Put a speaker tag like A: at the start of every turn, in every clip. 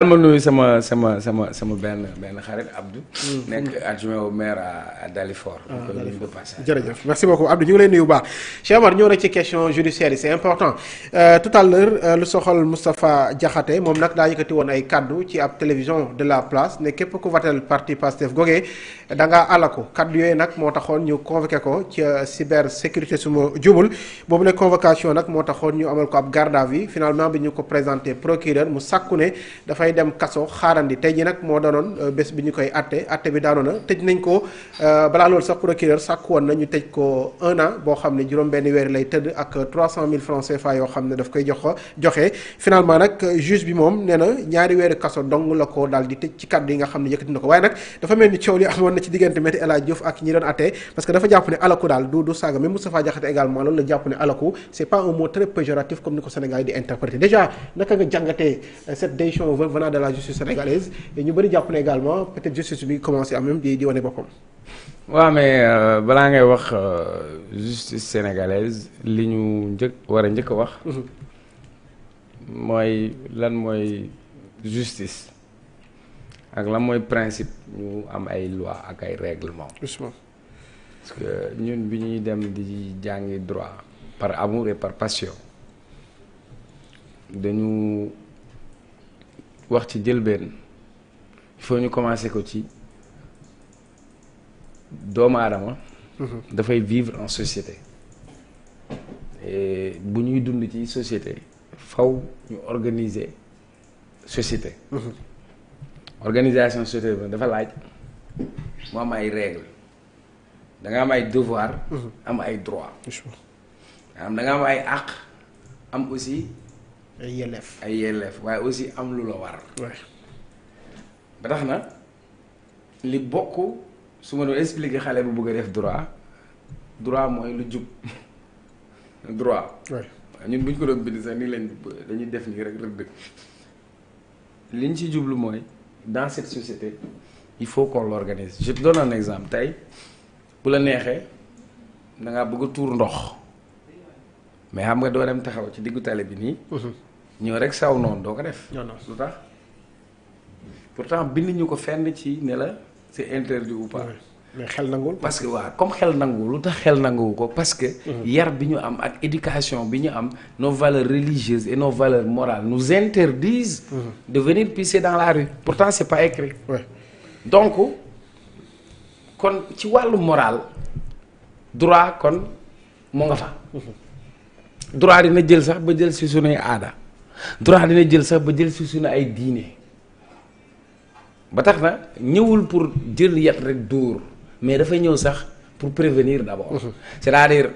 A: ma nuyu sama sama sama
B: sama benn benn xarit Abdou. Hmm. nekk adjoint au maire à Dalifort. Ah, euh, jërëjëf merci beaucoup Abdou ñu ngi lay nuyu baax. Cheikh Omar ñëw ci question judiciaire yi c'est important euh, tout à l'heure euh, lu soxal Moustapha Diakhaté moom nag daa yëkkati woon ay kàddu ci ab télévision de la place ne képp ku watal parti Pastef gogee da ngaa alako kaddu yooyu nag moo taxoon ñu ko ci cybersécurité suma jubul boobu la convocation nag moo taxoon ñu amal ko ab garde à vue finalement bi ñu ko présenté procureur mu sàkku ne dafay dem kaso xaarandi tey ji nag moo doonoon euh, bés bi ñu koy atte atte bi daanoona tëj nañ ko euh, balaa loolu sax procureur sàkku woon na ñu tëj ko un an boo xam ne juróom benn weer lay tëdd ak 300000 francs CFA yoo xam ne dafa koy jox joxe finalement nag euh, juge bi moom nee na ñaari weeri kaso dong la ko daal di tëj ci kaddu yi nga xam ne yëkkati na ko waaye nag dafa ci diggante Maître El Hadji Diouf ak ñi doon attee parce que dafa jàpp ne alaku daal du saaga même Moustapha Diakhaté également loolu la jàpp ne alaku c'est pas un mot très péjoratif comme ni ko Sénégal di interpréter déjà naka nga jàngatee euh, cette décision venant de la justice sénégalaise et ñu bëri jàpp ne également peut justice bi commencé am même di wane boppam
A: waaw mais euh, balaa ngay wax euh, justice sénégalaise li ñu njëkk war a njëkk a wax mm-hmm. mooy lan mooy justice ak lan mooy principe ñu am ay loi ak ay règlement parce que ñun bi ñuy dem di jàngi droit par amour et par passion dañu wax ci jëlbeen il faut ñu commencer ko ci doomu aadama mm-hmm. dafay vivre en société et bu ñuy dund ci société faw ñu organiser société mm-hmm. organisation société bi dafa laaj mu am ay règles da nga am ay devoir mhm. am ay droit am da nga am ay àq am aussi ay yelleef ay yelleef waaye aussi am lu la war ba tax na li bokk su ma doon expliquer xale bu bëgg a def droit droit mooy lu jub droit ñun buñ ko doon bind sax nii lañ dañuy def nii rek rëdd liñ ci jublu mooy dans cette société il faut qu'on l'organise je te un exemple tey bu la neexee da ngaa bëgg a tuur ndox mais xam nga doo dem taxaw ci diggu tali bi nii. Mhm. ñëw rek saw noonu doo ko def. lu tax pourtant bind ñu ko fenn ci ne la c'est interdit ou pas. mais xel nanguwul parce que waaw comme xel nanguwul lu tax xel nanguwu ko parce que. Mhm. yar bi ñu am ak éducation bi ñu am nos valeurs religieuses et nos valeurs morales nous interdisent. Mhm. de venir pisser dans la rue pourtant c'est pas écrit. Ouais. donc kon ci wàllu moral droit kon mu nga fa. Mhm. droit dina jël sax ba jël si sunuy aada droit dina jël sax ba jël si sunu ay diine ba tax na ñëwul pour jël yat rek dóor. mais dafay ñëw sax pour prévenir d'abord. Mhm. c'est-à-dire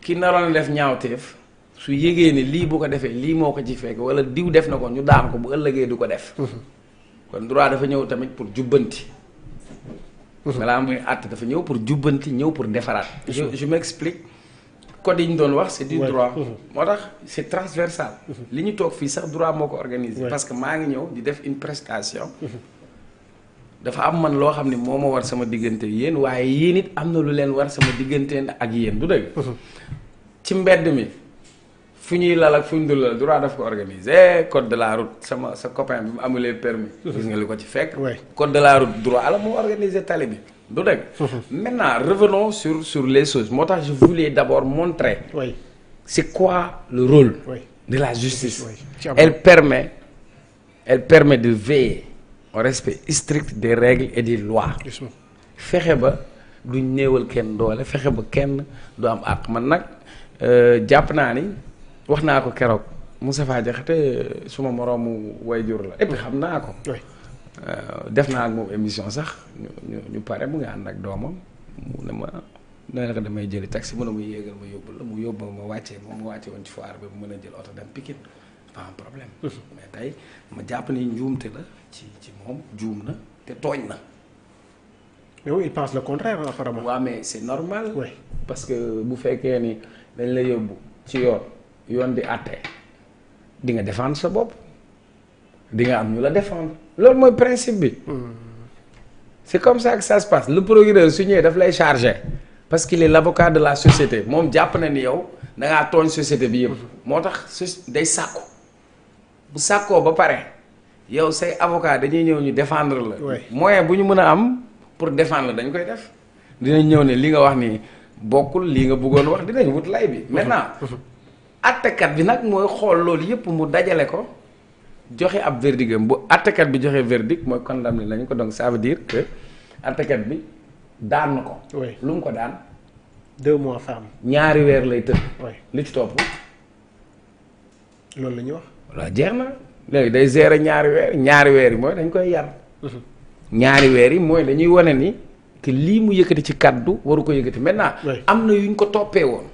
A: ki naroon def ñaawteef su yégee ni lii bu ko defee lii moo ko ci fekk wala diw def na ko ñu daan ko bu ëllëgee du ko def. Mhm. kon droit dafa ñëw tamit pour jubbanti. Mhm. balaa muy àtt dafa ñëw pour jubbanti ñëw pour defaraat. je je m'explique. code yi ñu doon wax c'est du droit. moo tax c'est transversal. li ñu toog fii sax droit moo ko organisé. parce que maa ngi ñëw di def une prestation. dafa am man loo xam ne moo ma war sama diggante yéen waaye yii it am na lu leen war sama diggante ak yéen du dëgg. Mhm. ci mbedd mi fu ñuy lal ak fu ñu dul lal droit daf ko organiser code de la route sama sa copain bi mu amulee permis mhm. gis nga li ko ci fekk. code de la route droit la mu organiser tali bi du dëgg. Mhm. maintenant revenons sur sur les choses moo tax je voulais d'abord montrer. oui c'est quoi le rôle. de la justice. elle permet elle permet de veiller. au respect strict des règles et des lois. fexe ba duñ néewal kenn doole fexe ba kenn du am àq man nag euh, jàpp naa ni wax naa ko keroog mu Moustapha Diakhaté euh, suma moroomu wayjur la et xam naa ko. Euh, def naa ak moom émission sax ñu ñu ñu pare mu ngi ànd ak doomam mu ne ma nee damay jëli taxi mu ne mu yéegal ma yóbbul la mu yóbbu ma wàccee moom mu wàcce woon ci foire bi mu mën a jël oto dem Pikine. pas problème. mais ma jàpp ni la ci ci juum na te tooñ na. mais oui il pense le contraire apparemment. waaw mais c'est normal. oui parce que bu fekkee ni dañ la yóbbu ci yoon yoon di àtte di nga défendre sa bopp di nga am ñu la défendre loolu mooy principe bi. Hmm. c'est comme ça que ça se passe le procureur su ñëwee daf lay chargé parce qu'il est l'avocat de la société moom jàpp na ni yow da ngaa tooñ société bi yëpp. Hmm. moo tax day sàkku. bu sàkkoo ba pare yow say avocat dañuy ñëw ñu defendre la. moyen bu ñu mën a am pour défendre dañ koy def. dinañ ñëw ne li nga wax ni bokkul lii nga bëggoon wax dinañ wut lay bi. maintenant attekat bi nag mooy xool loolu yëpp mu dajale ko joxe ab verdict bu attekat bi joxe verdict mooy condamné nañ ko donc ça veut dire que attekat bi daan
B: ko. lu mu ko daan. deux mois ferme.
A: ñaari weer lay tëdd. li ci topp. loolu la ñuy wax. waaw jeex na léegi day gérer ñaari weer ñaari weer yi mooy dañ koy yar. ñaari yi mooy dañuy wane ni que lii mu yëkkati ci kaddu waru ko yëkkati maintenant. am na yuñ ko toppee woon.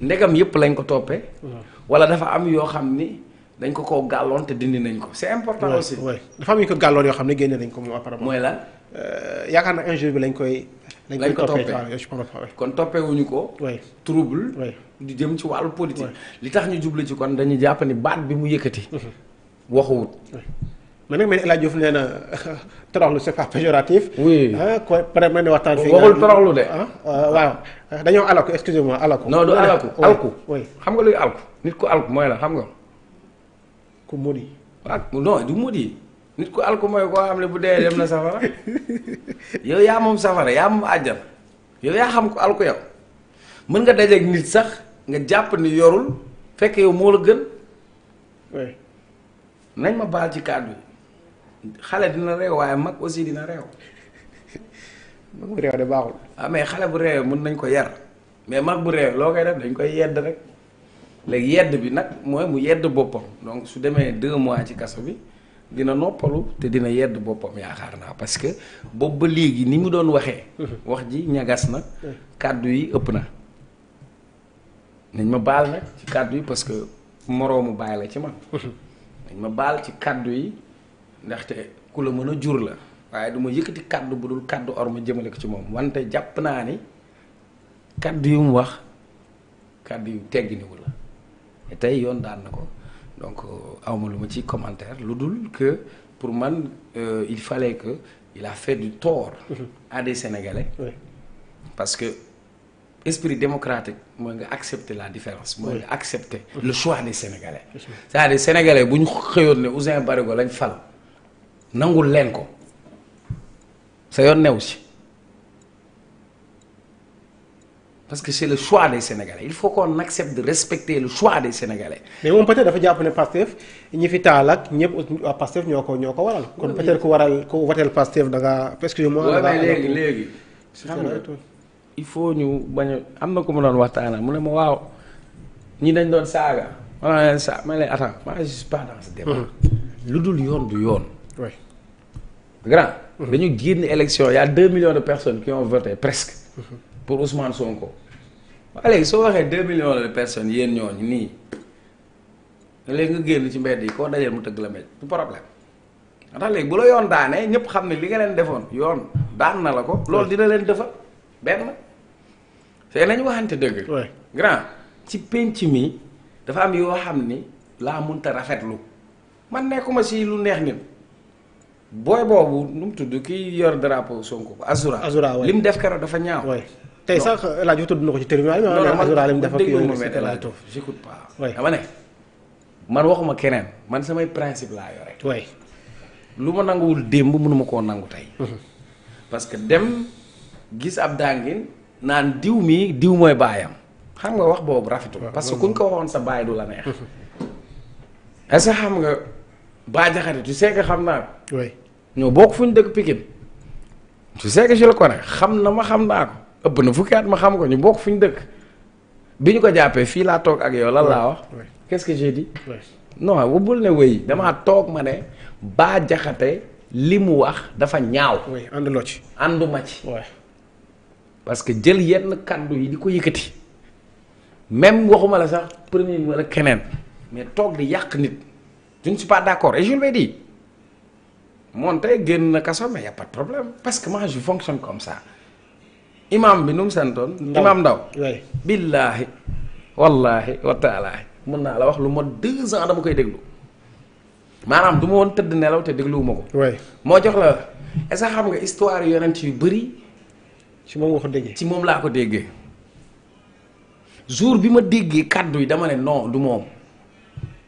A: ndegam yëpp lañ ko
B: toppee. wala dafa am yoo xam ni dañ ko koo gàlloon te dindi nañ ko c'est important aussi. dafa am ñu ko gàlloon yoo xam ne génne nañ ko moom apparemment. mooy la euh, yaakaar na injure bi lañ koy. lañ ko toppee
A: kon toppeewuñu ko trouble di jëm ci wàllu politique li tax ñu jublu ci kon dañu jàpp ni baat bi mu yëkkati mhm. waxuwut
B: man El Hadj Diouf nee na toroxlu c'est ah, waxtaan fii. waxul toroxlu de. Ah, waaw dañoo alaku excusez-moi alaku. non du alaku alku.
A: xam nga luy alku nit ku alku mooy la xam nga. ku modi. waaw nit ku alku mooy koo xam ne bu dee dem na safara yow yaa moom safara yaa moom àjjana yow yaa xam ko alku yow mën nga dajeeg nit sax nga jàpp ni yorul fekk yow moo la gën nañ ma baal ci kàddu yi xale dina réew waaye mag aussi dina reew mag bu réew de baaxul waaw ah, mais xale bu réew mun nañ ko yar mais mag bu réew loo koy def dañ koy yedd rek léegi yedd bi nag mooy mu yedd boppam donc su demee deux mois ci kaso bi dina noppalu te dina yedd boppam yaaxaar naa parce que boobu ba léegi ni mu doon waxee. Mhm. wax ji ñagas na. kàddu yi ëpp na. nañ ma baal nag ci kàddu yi parce que moroomu baay la ci man. Mhm. nañ ma baal ci kàddu yi ndaxte ku la mën a jur la. waaye du ma yëkkati kàddu bu dul kàddu or ma jëmale ko ci moom wante jàpp naa ni kàddu yu mu wax kàddu yu tegginiwu la te tey yoon daan na ko. donc euh, awma lu ma ci commentaire lu dul que pour man euh, il fallait que il a fait du tort mhm. à des parce que esprit démocratique mooy nga accepter la différence mooy nga accepter le choix des Sénégalais c'est-à-dire bu ñu xëyoon ne Ouzin Barigo lañ fal nangul leen ko sa yoon new si
B: parce que c'est le choix des Sénégalais il faut qu'on accepte de respecter le choix des Sénégalais. mais moom peut-être dafa jàpp ne Pastef ñi fi taal ak ñëpp waa Pastef ñoo ko ñoo ko waral. kon peut-être ku waral ku woteel Pastef da nga excusez-moi. da léegi léegi. xam nga
A: il faut ñu bañ am na ku ma doon waxtaanal mu ne ma waaw ñi dañ doon saaga ma ne sa ma ne leen attends moi je suis pas dans mhm. lu dul yoon du yoon. oui. grand. Mhm. dañu génn élection y a deux millions de pour Ousmane Sonko. waaye léegi soo waxee deux millions de personnes yéen ñooñu nii léegi nga génn ci mbedd yi koo dajeel mu tëgg la mel du problème ndax léegi bu la yoon daanee ñëpp xam ne li nga leen defoon yoon daan na la ko. loolu dina leen defar benn. fee nañu waxante dëgg. grand ci pénc mi dafa am yoo xam ni laa mënta rafetlu man nekkuma si lu neex nit. booy boobu nu mu tudd kii yor drapeau Sonko Azura. Azura li mu def keroog
B: dafa ñaaw. waay tey sax El Hadj tudd na ko ci tribunal. non non Azura li mu def ak yow j'écoute
A: pas. dama ne man waxuma keneen man samay principe laa yore. waay lu ma nanguwul démb mënuma koo nangu tey. Mhm. parce que dem gis ab dàngin naan diw mii diw mooy baayam xam nga wax boobu rafetul. parce que kuñ ko waxoon sa baay du la neex. Mhm. est-ce xam nga. baa Diakhaté tu sais xam naa ko. ñoo bokk fu ñu dëkk Pikine. tu sais que je le connais xam na ma xam naa ko ëpp na fukki at ma xam ko ñu bokk fu ñu dëkk bi ñu ko jàppee fii laa toog ak yow lan laa wax. qu'est-ce que j'ai dit. damaa toog ma ne Bah li mu wax dafa ñaaw. oui ànduloo ci. ànduma ci. que jël yenn kàddu yi di ko yëkkati même waxuma la sax premier wala keneen mais toog di yàq nit. je ne suis pas d'accord et je lui ai moom tey génn na kaso mais y a problème parce que moi je fonctionne comme ça imam bi nu mu santoon imam Ndaw billaahi wallaahi wa taalaahi mën naa la wax lu ma deux ans dama koy déglu maanaam du ma woon tëdd nelaw te dégluwuma ko moo jox la est-ce que xam nga histoire yu bëri ci moom nga ko ci moom laa ko déggee jour bi ma déggee kàddu yi dama ne non du moom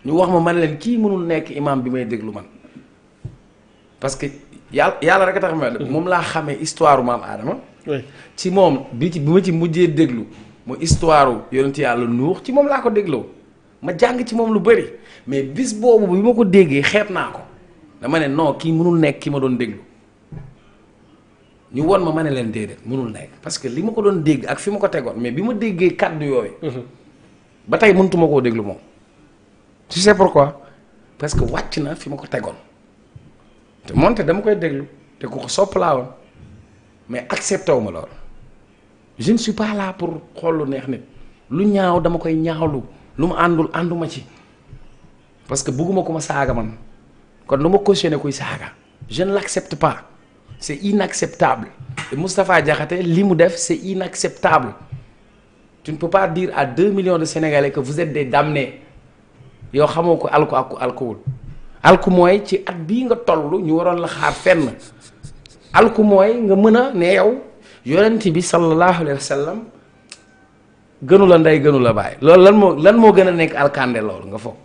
A: ñu wax ma man leen kii mënul nekk imam bi may déglu man parce que yàlla yàlla rek a tax ma moom laa xamee histoire am Adama. ci moom bi ci bi ma ci mujjee déglu mu histoire yonent yàlla nuux ci moom laa ko dégloo ma jàng ci moom lu bëri mais bis boobu bi ma ko déggee xeet naa ko dama ne non kii mënul nekk ki ma doon déglu ñu won ma ma ne leen déedéet mënul nekk parce que li ma ko doon dégg ak fi ma ko tegoon mais bi ma déggee kàddu yooyu. Mhm. ba tey mënutuma koo déglu moom. tu sais pourquoi parce que wàcc na fi ma ko tegoon te moonte dama koy déglu te ku ko sopp laa woon mais accepté wu ma lool je ne suis pas là pour xool neex nit lu ñaaw dama koy ñaawlu lu ma àndul ànduma ci parce que bugguma ko ma saaga man kon lu ma cautionné kuy saaga je ne l'accepte pas c'est inacceptable et Moustapha Diakhaté li mu def c'est inacceptable tu ne peux pas dire à deux millions de Sénégalais que vous êtes des damnés yow xamoo ko alku ak ku alkuwul alku mooy ci at bii nga toll ñu waroon la xaar fenn alku mooy nga mën a ne yow yonent bi sallallahu alayhi wa gënu la ndey gënu la bàyyi loolu lan moo lan moo gën a nekk alkande loolu nga foog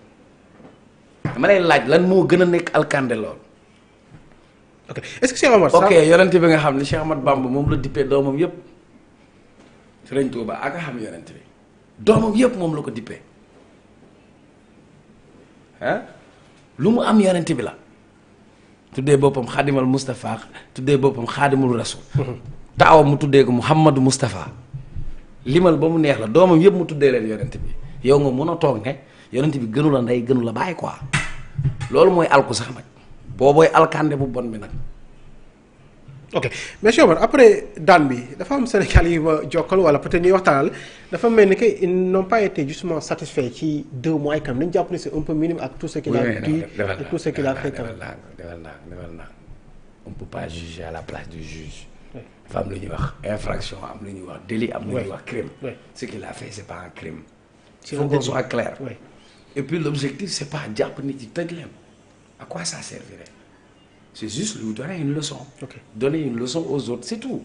A: dama lay laaj lan moo gën a nekk alkande loolu ok est-ce que Cheikh yonent bi nga xam ne Cheikh Ahmad Bamba moom la dippee doomam yëpp Sëriñ Tuuba ak a xam yonent bi doomam yëpp moom la ko dippee lu mu am yonent bi la tuddee boppam xaadimal Moustapha tuddee boppam xaadimul rasul taawam mu tuddee ko Mouhamadou Moustapha limal ba mu neex la doomam yëpp mu tuddee leen yorant bi yow nga mën a toog ne yonent bi gënu la ndey gënu la bàyyi quoi loolu mooy alku sax nag boobooy
B: alkaande bu bon bi nag ok monsieur Omar après daan bi dafa am Sénégal yi ma jokkal wala peut-être ñuy waxtaanal dafa mel ni que ils n'ont pas été justement satisfaits ci deux mois yi kam nañu jàpp ne c'est un peu minime a dit et tout a fait quand même defal naa
A: defal naa am lu ñuy wax infraction am lu ñuy wax délit am lu ñuy wax crime ce qu'il a fait c'est pas un crime il faut qu'on soit et puis l'objectif c'est pas jàpp nit yi tëj leen à quoi ça servirait c'est juste lui donner une leçon. Okay. donner une leçon aux autres c'est tout.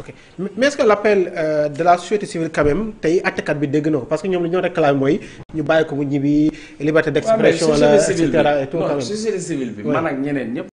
B: ok mais ce que l'appel euh, de la société civile quand tey attekat bi dégg na ko parce que ñoom li ñoo réclame mooy ñu bàyyi ko mu ñibbi liberté d'expression. la et cetera et tout non bi man
A: ak ñeneen ñëpp.